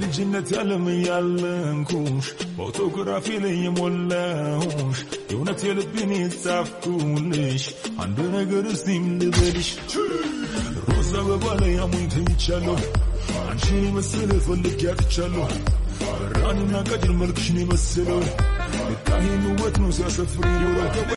በልጅነት ያለም ያለንኩሽ ፎቶግራፊ ላይ የሞላሁሽ የእውነት የልብን የጻፍኩልሽ አንድ ነገር እስቲም ልበልሽ ሮዝ አበባ ላይ አሙኝ ተኝቻለሁ አንቺን የመሰለ ፈልጌ አጥቻለሁ በራንና ቀድር መልክሽን የመሰለው ልታሄን ውበት ነው ሲያሰፍር ይውለው